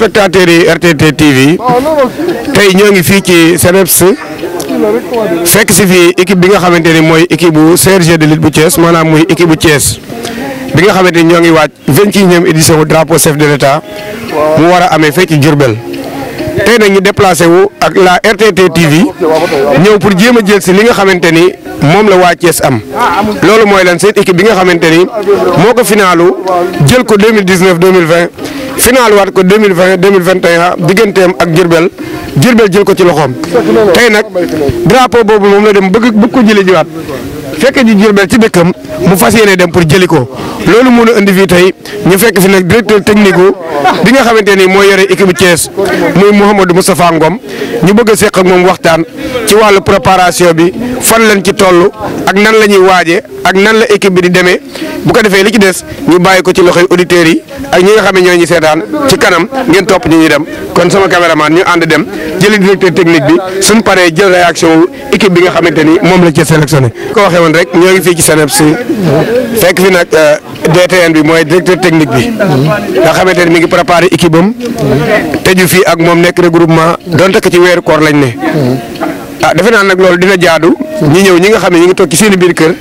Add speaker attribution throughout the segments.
Speaker 1: téléspectateurs yi RTT TV tey ñoo ngi fii ci CNEPS fekk si fii équipe bi nga xamante ni mooy équipe bu CRG de lutte maanaam muy équipe bu Thiès bi nga xamante ni ñoo ngi waaj vingt et ñoom édition bu drapeau chef de neta mu war a amee fee ci Diourbel tey nag ñu déplacé wu ak la RTT TV ñëw pour jéem a jël si li nga xamante ni moom la waa Thiès am loolu mooy lan seen équipe bi nga xamante ni moo ko finalu jël ko mil 2020 final waat ko 2020 2021 digganteem ak Diourbel Diourbel jël ko ci loxoom tey nag drapeau boobu moom la dem bëgg bëgg ko jëlee jiwaat fekk ji Diourbel ci dëkkam mu fas yéene dem pour jëli ko loolu moo ñu indi fii tey ñu fekk fi nag directeur technique bi nga xamante ni moo yore équipe Thiès muy Mouhamadou Moustapha ñu bëgg a seq ak moom waxtaan ci wàllu préparation bi fan lañ ci toll ak nan la ñuy waaje ak nan la équipe bi di demee bu ko defee li ci des ñu bàyyi ko ci loxoy auditeurs yi ak ñi nga xam ne ñoo ñu seetaan ci kanam ngeen ñu ñu kon sama caméraman ñu ànd dem jëli directeur technique bi suñ paree jël réaction équipe bi nga xamante ni moom la ci sélectionné ko waxee waxee woon rek ñoo ngi fii ci SENEPS fekk fi nag euh, DTN bi mooy directeur technique bi nga xamante ne mi ngi préparé équipe am teju fii ak moom nekk regroupement donte ko ci weeru koor lañ ne ah defe naa nag loolu dina jaadu ñi ñëw ñi nga xam ne ñu ngi toog ci seen biir kër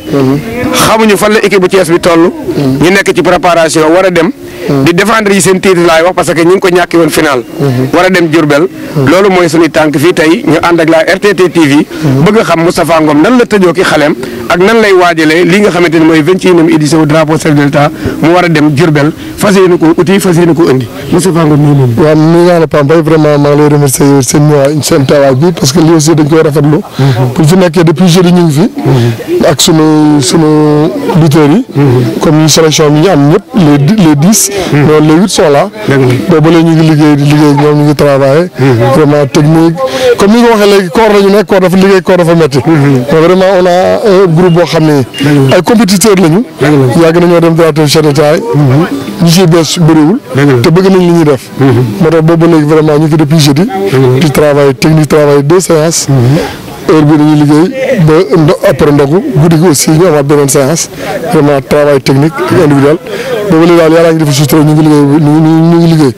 Speaker 1: xamuñu fan la équipe bu Thiès bi toll ñu nekk ci préparation war a dem di défendre seen titre laay wax parce que ñu ngi ko ñàkki woon final. war a dem Diourbel. loolu mooy suñu tànk fii tey ñu ànd ak la RTT TV. bëgg xam Moustapha Ngom nan la tëjoo ki ak nan lay waajalee li nga xamante ne mooy vingt et unième édition drapeau chef de l'État mu war a dem Diourbel fas yéene ko uti fas yéene ko indi Moustapha Ngom
Speaker 2: nii moom. waaw nuyu naa la Pape Mbaye vraiment maa lay remercier yow seen ñëwaay seen tawaay bi parce que lii loolu les huit boobu la ñu liggéey di liggéey ñoom ñu ngi travaillé. Mm-hmm. vraiment technique comme ni nga ko waxee léegi koor la ñu nekk koor dafa liggéey koor dafa métti. Mm-hmm. mais vraiment on groupe boo xam ne ay compétiteurs lañu. yàgg nañoo dem drapeau chef d'état ñi ciy bees bëriwul. te bëgg nañ li ñuy def. Mm-hmm. moo tax boobu léegi vraiment ñu ngi fi depuis jeudi. di travail technique travail deux séances. heure bi liggéey ba après ndogu guddi gi aussi ñu amaat beneen séance vraiment travail technique individuel boobu léegi daal yàlla ngi def sutura ñu ngi liggéey ñu ngi liggéey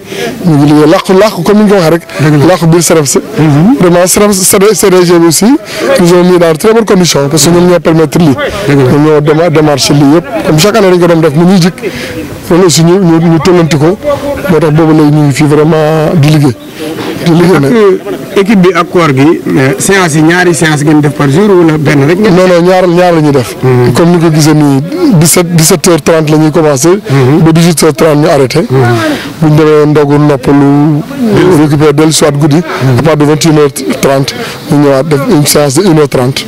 Speaker 2: ñu ngi liggéey làqu làqu comme ni nga ko waxee rek làqu biir CREPS mhm. vraiment CREPS CDG bi aussi nous avons mis dans très bonne condition parce que ñoom ñoo permettre lii ñoom ñoo dema démarché lii yëpp comme chaque année dañ ko doon def mu ñuy jik loolu aussi ñu ñu tollanti ko moo tax boobu léegi ñu ngi fii
Speaker 1: vraiment di liggéey di liggéey nag équipe bi ak koor gi séance yi ñaari séance ngeen def par jour wala benn rek. non non ñaar ñaar la ñuy def. Hmm. comme ni ko gisee nii 17
Speaker 2: 17 heures 30 la ñuy commencé. Hmm. ba 18 heures 30 ñu arrêté. Hmm. bu ñu demee ndogu à def une séance de heure 30.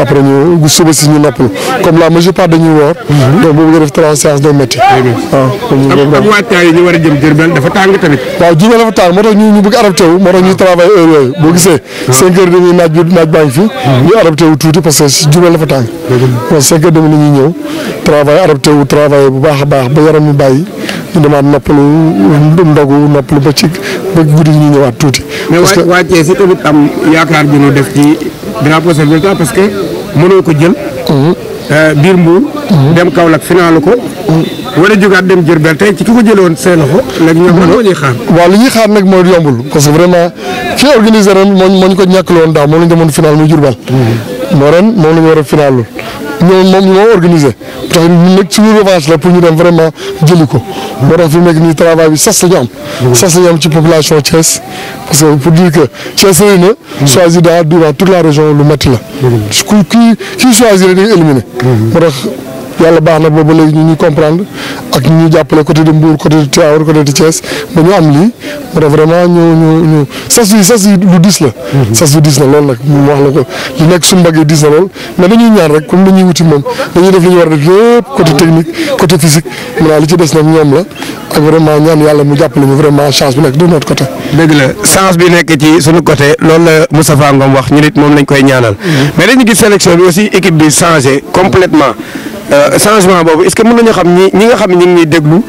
Speaker 2: après ñu suba ñu noppalu comme la majeure part dañuy woor. donc boobu nga def 3 séances day métti. waaw ah, comme ni ñu war a moo tax ñu bëgg adapté yooyu boo gisee. Ah. cinq heures demi naaj bi naaj baa ngi fi. Ah. ñu adapté tuuti parce que Diourbel la fa tàng. bon cinq heures demi ñëw travail adapté wu bu baax a baax ba yaram ñu bàyyi ñu demaat noppalu ndogu noppalu ba ci ba guddi gi ñu ñëwaat tuuti. parce que mais
Speaker 1: waa Thiès tamit am yaakaar bi ñu def ci drapeau chef de l'État parce que mënoo ko jël. Mhm. Euh, biir Mbour. Mhm. dem Kaolack finalu ko. Mhm. wala jógaat dem Diourbel tey ci ki ko jëloon seen loxo nag ñoom ñoo ñuy xaar.
Speaker 2: waaw li ñuy xaar nag mooy yombul parce que vraiment ki organisé ren ko ñàkk loon daaw moom la ñu demoon final mm-hmm. moo ren moom la ñu war a final lool ñoom moom moo organisé tax ñun nag suñu revanche la pour ñu dem vraiment jëli ko. moo tax fi mu nekk nii travail bi sas la ñu mm-hmm. sas la ñu ci population Thiès parce que pour dire que Thiès réy na. Mm-hmm. choisir dans durant la région lu métti la. ku ki choisir dañuy éliminé. moo yàlla baax na booba léegi ñu ñuy comprendre ak ñu ñuy jàppale côté de Mbour côté de Tivaouane côté de Thiès ba ñu am lii mu def vraiment ñu ñu ñu sas lu diis la. Mhm. sas yu na lool la ko li nekk suñu mbagg yi diis na lool mais dañuy comme dañuy wuti moom dañuy def li ñu war a def yëpp mu ci des nag ñoom la ak vraiment ñaan yàlla mu jàppale ñu vraiment chance bi nekk de notre côté.
Speaker 1: la chance bi nekk ci suñu côté loolu la Moustapha Ngom wax ñu nit moom lañ koy ñaanal mhm. mais dañu gis sélection bi aussi équipe bi changé complètement Euh, changement boobu est-ce que mën nañoo xam ñi nga xam ne ñu ngi ñuy déglu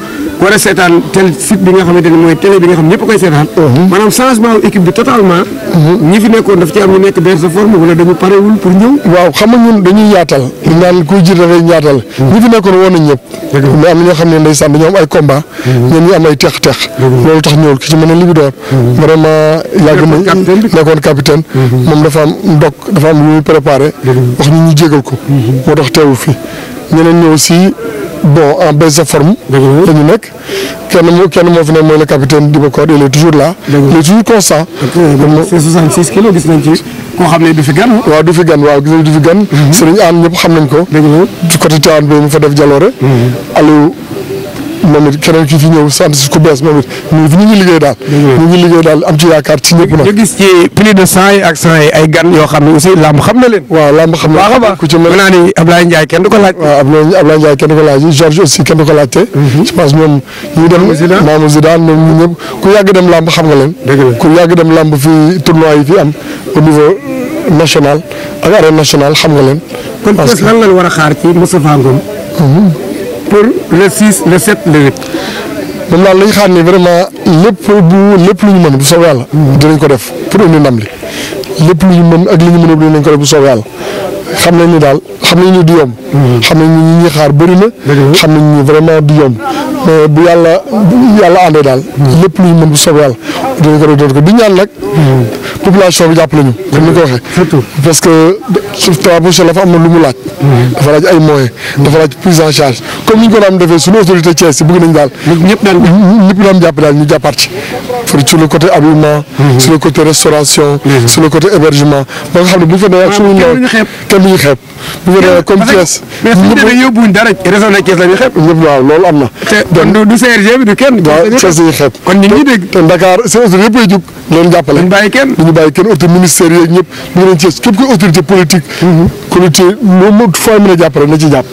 Speaker 1: a seetaan tel nga xamante ne mooy télé bi nga xam ñëpp koy seetaan. Mhm. maanaam changement équipe bi totalement. Mhm. ñi fi nekkoon daf ci am ñu nekk benn sa forme wala dañu parewul pour ñëw. waaw xam nga ñun dañuy yaatal. ñu mhm. ñi fi nekkoon
Speaker 2: woon nañ ñëpp. mais am na xam ne ndeysaan dañoo am ay combat. ñoom ñu am ay tex-tex. tax ñëwul ki ci mën a libidoor. vraiment yàgg nañ nekkoon capitaine. moom dafa am ndok dafa am lu préparé. wax ñu ñu jégal ko. moo tax teewul fii ñeneen ñi aussi bon en baisse de forme. la ñu nekk kenn moo fi ne mooy le capitaine Dibakor il est toujours la il est toujours constant. ok c'est gis nañ ci koo xam ne du fi gan. waaw du fi gan waaw gis nañ du fi gan. Mhm. Serigne Anne ñëpp xam nañ ko. dëgg la côté Tivaouane bi mu fa def jaloore. Mhm. Aliou moom it keneen ki fi ñëw sant si ku bees moom fi ñu liggéey
Speaker 1: daal. ñu liggéey daal am ci yaakaar ci ñëpp nag. yoo xam ne aussi xam na leen. waaw làmb xam na leen ku ci mel. naa ni ko laaj. waaw Ablaye Ndiaye kenn du ko
Speaker 2: laaj Georges mhm. dem Mamadou Zidane xam nga leen. ku yàgg dem làmb fii tournoi fi am au niveau national ak arène nationale xam nga leen. kon lan
Speaker 1: la a xaar ci Moustapha
Speaker 2: pour le 6 le 7 le 8. moom daal lañ xam ne vraiment lépp bu lépp lu ñu mën bu soobee yàlla dinañ ko def pour indi ndam li lépp lu ñu mën ak li ñu mënul dinañ ko def bu soobee xam nañ ni daal xam nañ ni du yomb. Mm-hmm. xam nañ ni ñi ñuy xaar bëri na. xam nañ ni vraiment du yomb. bu yàlla bu yàlla àndee daal. lépp lu ñu mën bu soobee yàlla. dinañ ko doon ko di ñaan nag. population parce que suuf travaux sociaux dafa am lu mu laaj. dafa laaj ay moyens. dafa laaj prise en charge comme ni ñu ko daan defee suñu autorité Thiès yi bëgg nañ daal. ñëpp daan ñëpp daan jàpp daal ñu jàppaat ci. sur le côté habillement. Mhm. sur le côté restauration. Mhm. sur le côté hébergement ba nga ne bu fa demee ak suñu. waaw kenn du ñu xeeb bu fa demee comme Thiès. ñëpp mais suñu demee yóbbuwuñ dara région de Thiès la ñuy xeeb. ñëpp waaw loolu am na. du du CRG bi du kenn. waaw CRG xeet kon ñu ngi loolu jàppale duñ ñu ngi leen ci autorité politique mhm. comité moom fooy mën a jàppale na ci jàpp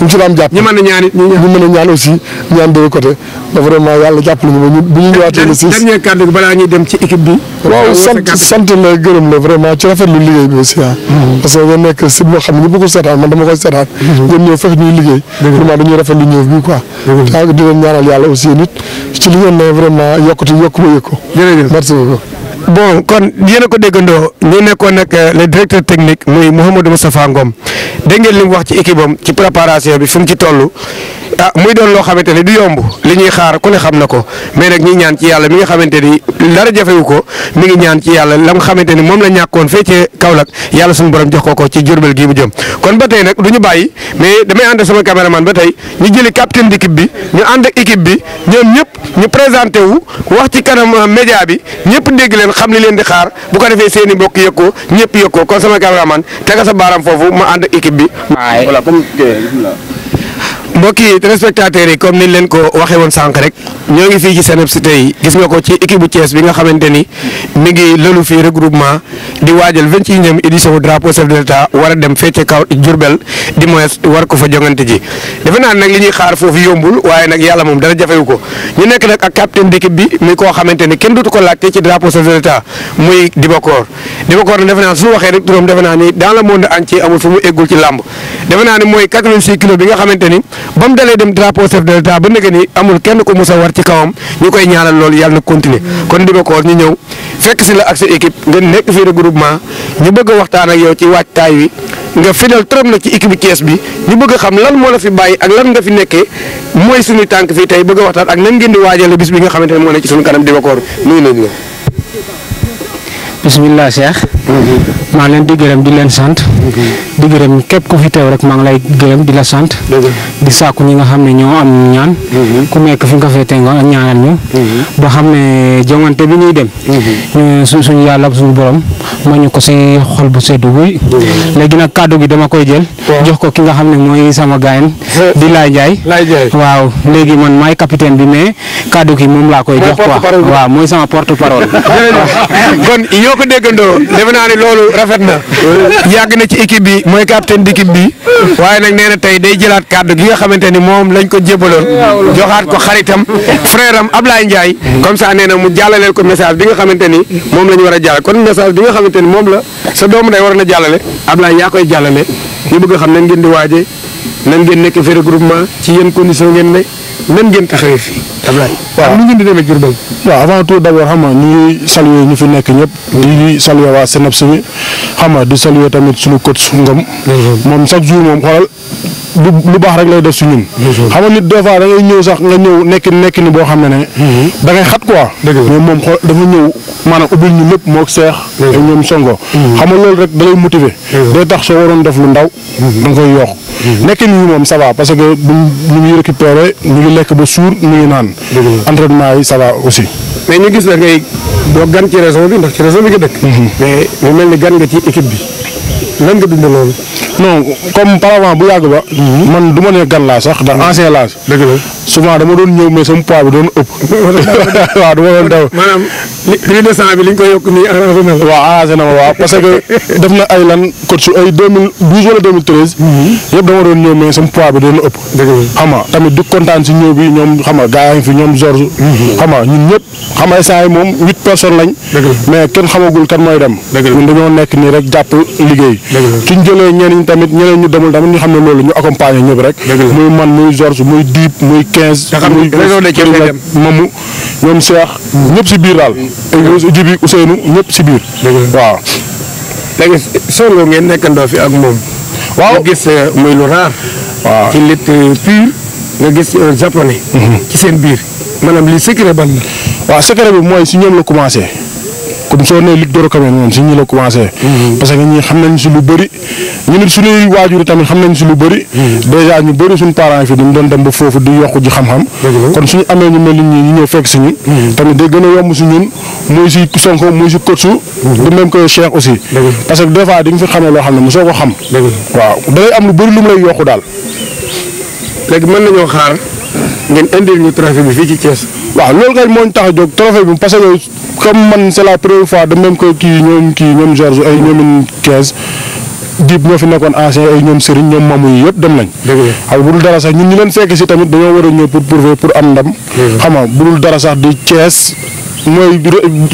Speaker 2: ñu ci daan jàpp ñu mën a a ñaan aussi ñaan de côté da vraiment yàlla jàppale ñu ba ñu bu ñu ci équipe bi la gërëm la vraiment ci rafetlu liggéey bi aussi ah mhm. parce nekk si moo xam man dama koy seetaan ngeen ñëw fex ñuy liggéey vraiment dañuy li ngeen ne vraiment yokkati yokk ba
Speaker 1: yëg ko bon kon yéen a ko déggandoo ñu nekkoon nag euh, le directeur technique muy Mouhamadou Moustapha Ngom dégg ngeen li mu wax ci équipe am ci préparation bi fi mu ci toll ah muy doon loo xamante ne du yomb li ñuy xaar ku ne xam na ko mais nag ñi ñaan ci yàlla mi nga xamante ni dara jafewu ko mu ngi ñaan ci yàlla la nga xamante ni moom la ñàkkoon fee ci Kaolack yàlla suñu borom jox ko ko ci Jurbel gii mu jëm kon ba tey nag du ñu bàyyi mais damay ànd sama caméraman ba tey ñu jëli capitaine d'équipe bi ñu ànd ak équipe bi ñoom ñëpp ñu présenté wu wax ci kanam euh, média bi ñëpp dégg xam li leen di xaar bu ko defee seen i mbokk yëg ko ñëpp yëg ko kon sama cameraman tega sa baaram foofu ma ànd ak équipe bi. voilà comme mbokk yi téléspectateurs yi comme niñ leen ko waxee woon sànq rek ñoo ngi fii ci CNEPS tey gis nga ko ci équipe bu Thiès bi nga xamante ni mi ngi lëlu fii regroupement di waajal vingt et unième édition drapeau chef de l'État war a dem fecce kaw Diourbel di moins war ko fa jongante ji defe naa nag li ñuy xaar foofu yombul waaye nag yàlla moom dara jafewu ko ñu nekk nag ak capitaine d'équipe bi muy koo xamante ni kenn dootu ko laajte ci drapeau chef de l'État waxee rek turam defe naa ni dans le monde entier amul fu mu eggul ci naa ni mooy 86 kilos bi nga xamante ni ba mu dalee dem drapeau chef de l'état ba nga ni amul kenn ku mus a war ci kawam ñu koy ñaanal loolu yàlla na continuer mm. kon di ba koor ñu ñëw fekk si la ak sa équipe nga nekk fii ñu bëgg waxtaan ak yow ci waajtaay wi nga fidèle trop na ci équipe Thiès bi ñu bëgg a xam lan moo la fi bàyyi ak lan nga fi nekkee mooy suñu tànk fii tey bëgg a waxtaan ak nan ngeen di waajale bis bi nga xamante ne moo ne ci suñu kanam di ba koor nuyu nañ la. bismillah Cheikh. Mm-hmm. maa ngi leen di gërëm di leen sant. Mhm. di gërëm képp ku fi teew rek maa ngi lay gërëm di la sant. di sàkku ñi nga xam ne ñoo am ñaan. Mhm. ku nekk fi nga féetee nga ñaanal ñu. Mhm. ba xam ne bi ñuy dem. ñu su suñu yàlla suñu borom ma ñu ko si xol bu seddu guy. léegi nag kàddu gi dama koy jël. jox ko ki nga xam ne mooy sama gaayen di Laye Ndiaye. waaw léegi man maay capitaine bi mais kàddu gi moom laa koy jox quoi waaw mooy sama porte parole. kon ñoo ko déggandoo defe naa ne loolu rafet na yàgg na ci équipe bi mooy di d'équipe bi waaye nag nee na tey day jëlaat kàddu gi nga xamante ni moom lañ ko jébaloon joxaat ko xaritam frère am Ablaye Ndiaye comme ça nee na mu jàllaleel ko message bi nga xamante ni moom la ñu war a jàllale kon message bi nga xamante ni moom la sa doomu day war na jàllale ab Ablaye yaa koy jàllale ñu bëgg xam ne ngeen di waaje nan ngeen nekk fi regroupement ci yenn condition ngeen ne nan ngeen taxawee fii. Ablaye waaw nu ngeen di demee Diourbel.
Speaker 2: waaw avant tout d' abord xam nga ñu ngi saluer ñu fi nekk ñëpp. Mm. di saluer waa SNEIPS bi xam nga di saluer tamit suñu coach Ngom. Mm-hmm. moom chaque jour moom xoolal. lu baax rek lay def si ñun. xam nga nit des fois da ngay ñëw sax nga ñëw nekk nekk ni boo xam ne ne. Mhm. da ngay xat quoi. mais moom xool dafa ñëw maanaam ubbil ñu lépp moo seex. ak mhm. rek da lay motiver. day tax soo waroon def lu ndaw. Mhm. da nga nekk nii moom ça parce que ñu ngi récupéré ñu ba suur ñu ngi naan. entraînement yi ça aussi. mais ñu gis la ngay doo gan ci réseau bi ndax ci réseau bi nga dëkk. mais mu mel ni gan nga ci équipe bi. lan nga dund loolu. non comme par avant bu yàgg ba. Mhm. man du ma ne gan laa sax ndax mhm. ancien laa. dëgg la souvent dama doon ñëw mais sama poids bi doon ëpp. waaw du ma doon daw. maanaam li li deux bi li nga koy yokk nii arrangé na la. waaw arrangé na ma waaw parce que def na ay lan coach ay deux mille douze wala deux mille treize. Mm-hmm. yëpp dama doon ñëw mais sama poids bi doon ëpp. dëgg tamit du kontaan si ñëw bi ñoom xam nga gars yi fi ñoom Georges. Mm-hmm. xam nga ñëpp xam nga saa yi moom huit personnes lañ. mais kenn xamagul kan mooy dem. ñun dañoo nekk nii rek jàpp liggéey. suñ jëlee ñeneen ñi tamit ñeneen ñu demul tamit ñu xam ne loolu ñu accompagner ñëpp rek. muy man muy Georges muy Diib muy quinze. muy mamu ñoom Cheikh mm-hmm. ñëpp si biir daal Jibi Ousseynou ñëpp si biir. waaw. léegi solo
Speaker 1: ngeen nekkandoo fi ak moom. waaw nga gis euh, muy lu raar. waaw ci lit pur nga gis euh, japonais. Mhm. ci seen biir maanaam li secret ban waaw secret bi mooy si ñoom la commencé.
Speaker 2: comme soo nee lutte dorokamee moom si ñu la commencé. Mm-hmm. parce que ñi xam nañ si lu bëri ñu nit suñuy waajur tamit xam nañ si lu bëri. Mm-hmm. dèjà ñu bëri suñu parents fi doon dem ba foofu di yokku ji xam-xam. kon suñu amee ñu mel ni ñu ñëw fekk si ñun. Mm-hmm. tamit day gën a yomb si ñun muy si Sonko muy si coach du même que Cheikh aussi. parce que des fois di nga fi xamee loo xam ne mosoo ko xam. waaw da ngay am lu bëri lu mu lay yokku daal. léegi mën
Speaker 1: nañoo xaar ngeen indil ñu trophée bi fii ci Thiès.
Speaker 2: waaw loolu tax a jóg comme man c'est la première fois de même que kii ñoom kii ñoom Georges ay ñoomin 15 diib ñoo fi nekkoon ancien ay ñoom Serigne ñoom mamu yi yëpp dem nañ. xam bu dul dara sax ñun ñu leen fekk si tamit dañoo war a ñëw pour prouver pour am ndam. xam nga bu dara sax di cees mooy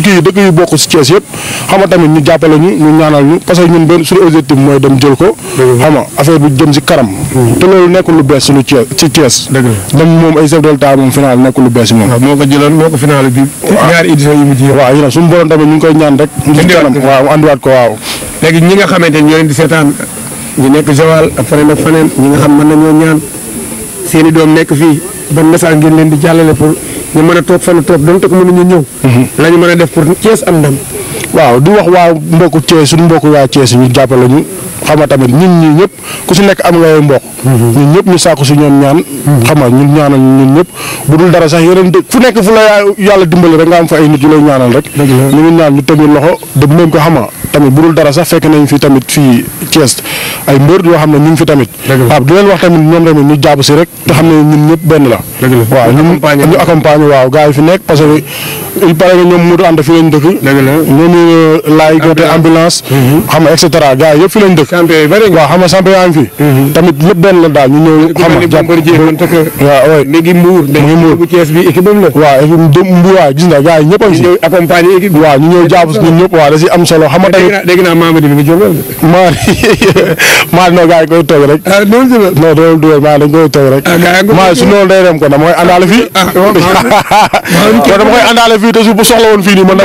Speaker 2: kii dëkk yu bokk si Thiès yëpp xam nga tamit ñu jàppale ñu ñu ñaanal ñu parce que ñun benn suñu objectif mooy dem jël ko. xam nga affaire bi jëm ci kanam. Mm. te loolu nekkul lu bees suñu Thiès ci Thiès. dëgg la moom ay chef de l'État moom final nekkul lu bees moom. waaw moo ko jëloon moo ko final bi. ñaari édition
Speaker 1: yu mujj yi. waaw yéen a suñu borom tamit ñu ngi koy ñaan rek. ci kanam waaw mu ko waaw. léegi ñi nga xamante ni ñoo leen di seetaan ñu nekk Joal ak faneen ak faneen ñi nga xam na nañoo ñaan seen i doom nekk fii ban message ngeen leen di jàllale pour ñu mën a toog fan toog donte ko ñu ñëw. Mhm. la ñu mën a def pour Thiès am ndam. waaw di wax waa mbokku Thiès suñu mbokku waa Thiès ñu jàppale
Speaker 2: ñu xam nga tamit ñun ñii ñëpp ku si nekk am nga ay mbokk mhm. ñëpp ñu sàkku si ñoom ñaan mhm. xam nga ñun ñaanal ñun ñëpp bu dul dara sax yeneen dëkk fu nekk fu la yàlla dimbali rek nga am fa ay nit yu lay ñaanal rek ñu ngi ñaan ñu teg ñu loxo de même ko xam nga tamit bu dul dara sax fekk nañ fi tamit fii Thiès ay mbër xam ne ñu ngi fi tamit waaw di leen wax tamit ñoom tamit ñu jàpp si rek te xam ne ñun ñëpp benn la waaw ñu accompagne waaw gars yi fi nekk parce que il paraît que ñoom Modou Anta fi lañ dëkk ñoom euh, laay goote ambulance mhm. xam nga yëpp fi lañ dëkk champion yu bëri waaw xam nga champion yaa ngi fi. Mhm. tamit lépp benn la daal ñu ñëw. xam nga jàpp waaw oui. léegi Mbour. léegi Mbour bu Thiès bi équipe am la. waaw équipe Mbour waaw gis nga gars yi ñëpp a. ñu ñëw a équipe bi waaw ñu ñëw jàpp ñun ñëpp a da si am solo. xam nga tey dégg naa Mamadi bi nga jógal. maa maa non gars yi koy toog rek. ah non non maa ah, su loolu day dem ko dama koy àndaale fii. ah kon dama koy àndaale fii te su bu soxla woon fii nii man.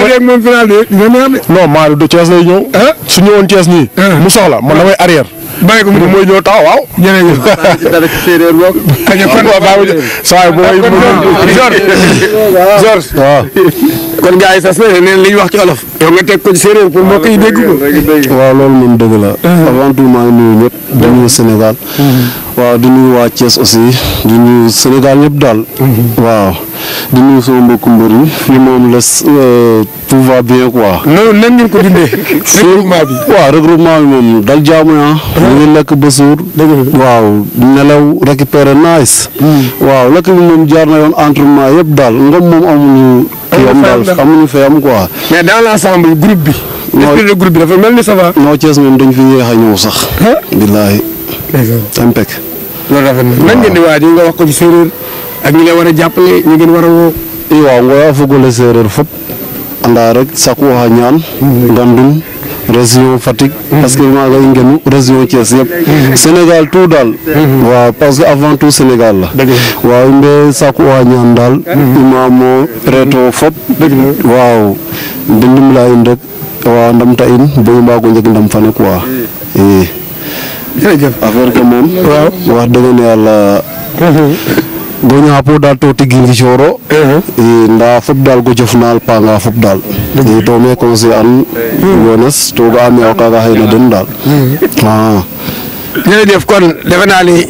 Speaker 2: dama non maa du Thiès lay ñëw. Ah. su ñëwoon Thiès nii ah. mu soxla kon damay arrière. bàyyi ko mu ñëw mooy ñëw taxaw waaw. jërëjëf dara ci séeréer boobu. kon waaw bàyyi
Speaker 1: ko saa yi booy. George George waaw. kon gars yi sas na ne li ñu wax ci olof. yow nga ko ci séeréer pour mbokk yi dégg
Speaker 3: waaw loolu moom dëgg la. Ah. avant tout maa ngi nuyu ñëpp. Ah. di Sénégal. Ah. waaw di waa Thiès aussi di nuyu daal. waaw di nuyu sama mbokku mbër yi fii moom la euh, tout va bien quoi.
Speaker 2: waaw
Speaker 3: regroupement bi dal nice. Hmm. waaw lekk moom jaar na yoon entraînement yëpp daal ngom moom amuñu. yom daal xamuñu fee am quoi.
Speaker 1: mais dans l' ensemble groupe bi.
Speaker 3: esprit de groupe bi dafa mel ni sa va. non Thiès moom dañ fi yéex a ñëw sax. billaahi. impec.
Speaker 1: loolu rafet na nan ngeen di waaj nga wax ko ci ak ñi leen war a jàppale ñi ngeen war a woo. i waaw nga fogole séeréer fop
Speaker 3: anda rek sakku waxa ñaan. Mm-hmm. ngandum région Fatick. parce que maa ngi ngenu région Thiès yëpp. Mhm. Sénégal tout daal. Mhm. waaw parce que avant tout Sénégal la. waaw mbe sakku waa daal. Mhm. imamo préto fop. waaw de ndimla rek waaw ndam ta in bo i ndam fane eh. quoi. waaw wax dëgg ne yàlla. goña poɗa to tig gisoro i nda fop dal gojofna panga fop dal i to me conseil an yones hmm. to ga'a me o kaga xeyna den dal hmm. a ah.
Speaker 1: jërëjëf kon defe naa ni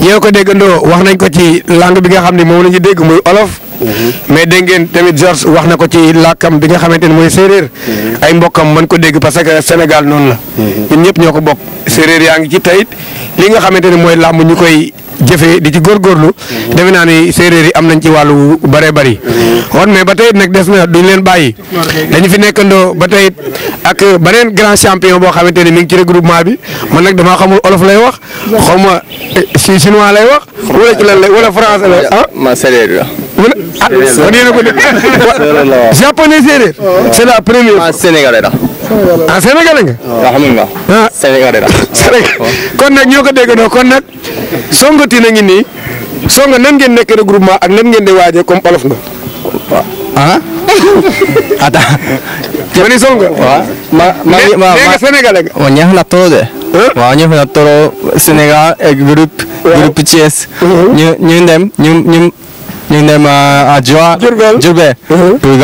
Speaker 1: ñoo ko déggandoo wax nañ ko ci langue bi nga xam ne moom la ñu dégg muy olof mm-hmm. mais dégg tamit Georges wax na ko ci làkkam bi nga xamante ne mooy séeréer mm-hmm. ay mbokkam man ko dégg parce que Sénégal noonu la mm-hmm. ñun ñëpp ñoo ko bokk séeréer yaa ngi ci tayit li nga xamante ne mooy làmb ñu koy jëfee di ci góorgóorlu mhm. defe naa ni séeréer yi am nañ ci wàllu bare bari mhm. kon mais ba tey nag des na duñ leen bàyyi dañu fi nekkandoo ba tey ak beneen grand champion boo xamante ni mi ngi ci regroupement bi man nag damaa xamul olof lay wax xaw ma eh, si chinois lay wax wala ci lan lay wala français la ah?
Speaker 3: ma séeréer la. ah kon yéen a ko dégg japonais oh. c'est la première.
Speaker 1: ah Sénégal nga. waaw nga Sénégal la. Sénégal kon nag ñoo ko déggandoo kon nag songati na ngi nii songa nan ngeen nekk regroupement ak nan ngeen di waajee comme olof nga. ah. mani songa ma ma ma ma nga.
Speaker 3: waaw na trop de. Sénégal ak groupe. groupe Thiès. Mhm. ñu ñu dem ñu ñu ñu dem euh,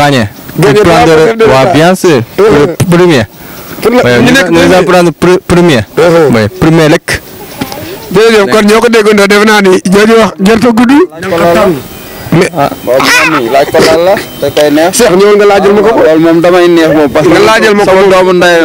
Speaker 3: à mhm. gagner prendre, de de ouais, bien sûr. Euh, le premier. ñu nekk prendre
Speaker 1: premier. oui premier euh, oh. lekk. kon ñoo ko déggandoo defe naa ni jooju wax jël fa gudd. mais ah
Speaker 3: laaj ko lan la te kay neex. Cheikh ñëwoon ko. loolu moom damay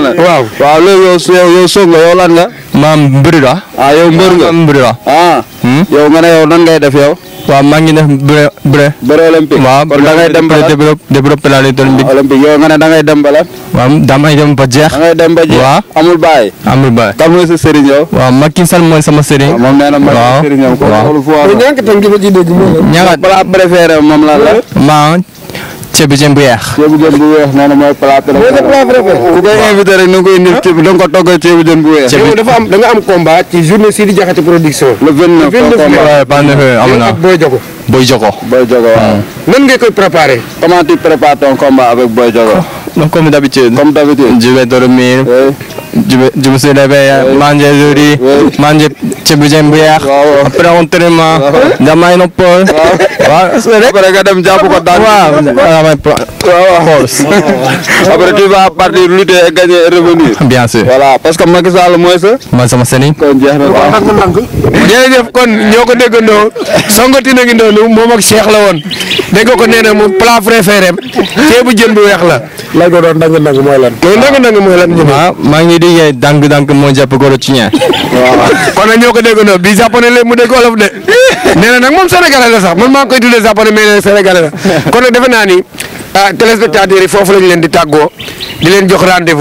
Speaker 3: la. waaw waaw loolu soog nga yow lan nga. maam mbëri la. ah yow mbër nga maam mbëri ah. hmm? yow nga ne yow nan ngay def yow. waa maa ngi def bëre bëre. bëre olympique waaw kon da ngay dem ba la développé la ah, olympique yow nga ne da ngay dem ba la. waaw damay dem ba jeex. da ngay ba jeex amul baay. amul baay kan mooy sa sëriñ yow. waaw Macky Sall mooy sama sëriñ. waaw ah, moom nee na mooy sa sëriñ yow. waaw waaw kon
Speaker 1: ñàkk tam
Speaker 2: gi ma ci dégg.
Speaker 3: ñàkk balaa préféré moom la la. maa. ceeb bi jën bu weex. ceeb bu mooy plat préféré. ku koy invité rek
Speaker 1: nu nga koy indil ceeb da nga ko toggee ceeb bu jën bu weex. yow dafa am da nga am combat ci journée Sidi Diakhaté production. le 29 combat am na ak Boy Diogo.
Speaker 3: Boy Diogo. Boy Diogo waaw. Hmm.
Speaker 1: nan nga koy préparé. comment tu prépares ton combat
Speaker 3: avec Boy Diogo. donc oh, comme d'habitude. comme d'habitude. je vais dormir. 집집세레베 만제들이 만제 제부젠부야 프랑트르마 자마이노폴 와 그래가 dem japp ko dal wa
Speaker 1: après tu vas partir lutter et gagner et revenir bien sûr voilà parce que Macky Sall mooy sa
Speaker 3: man sama sëriñ kon
Speaker 1: jeex na jërëjëf kon ñoo ko déggandoo songoti na ngi noonu moom ak Cheikh la woon dégg ko nee na moom plat préféré ceebu jën bu weex la lay ko doon ndang ndang mooy lan ndang ndang mooy lan ñu
Speaker 3: maa ngi lii dànk dànk moo jàpp golo ci ñaar.
Speaker 1: waaw kon a ñoo ko déggandoo bii japonais léegi mu dégg olof de nee na nag moom sénégalais la sax man maa koy tuddee japonais mais nee na la kon nag defe naa ni a ah, téléspectateurs yi foofu lañ leen di tàggoo di leen jox rendez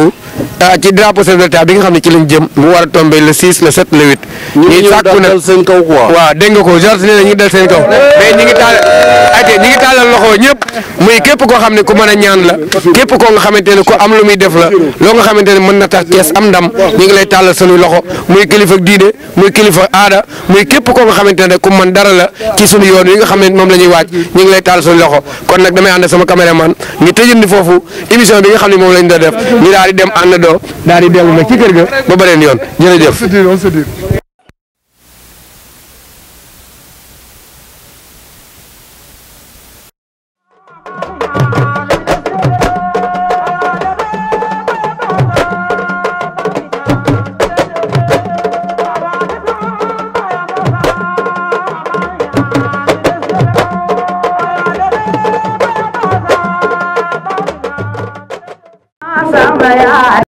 Speaker 1: Ah, ci drapeau chef de l'État bi nga xam ne ci lañ jëm mu war a tombé le 6 le 7 le 8. ñuy sàkku nag seen
Speaker 2: kaw ko
Speaker 1: Georges nee na ñu ngi seen kaw mais ñi ngi taal loxo ñëpp muy képp koo xam ne ku mën ñaan la képp koo nga xamante ne ku am lu def la loo nga xamante ne na tax Thiès am ndam ñu ngi lay taalal suñuy loxo muy kilifa diine muy kilifa aada muy képp koo nga xamante ne ku man dara la ci suñu yoon yi nga xam ne moom la ñuy waaj ñu ngi lay taalal suñu loxo kon nag damay ànd sama caméraman ñu tëjandi foofu émission bi nga xam ne moom lañ doon def ñu daal di dem àndandoo daal di dellu nag ci kër ga ba beneen yoon jërëjëf.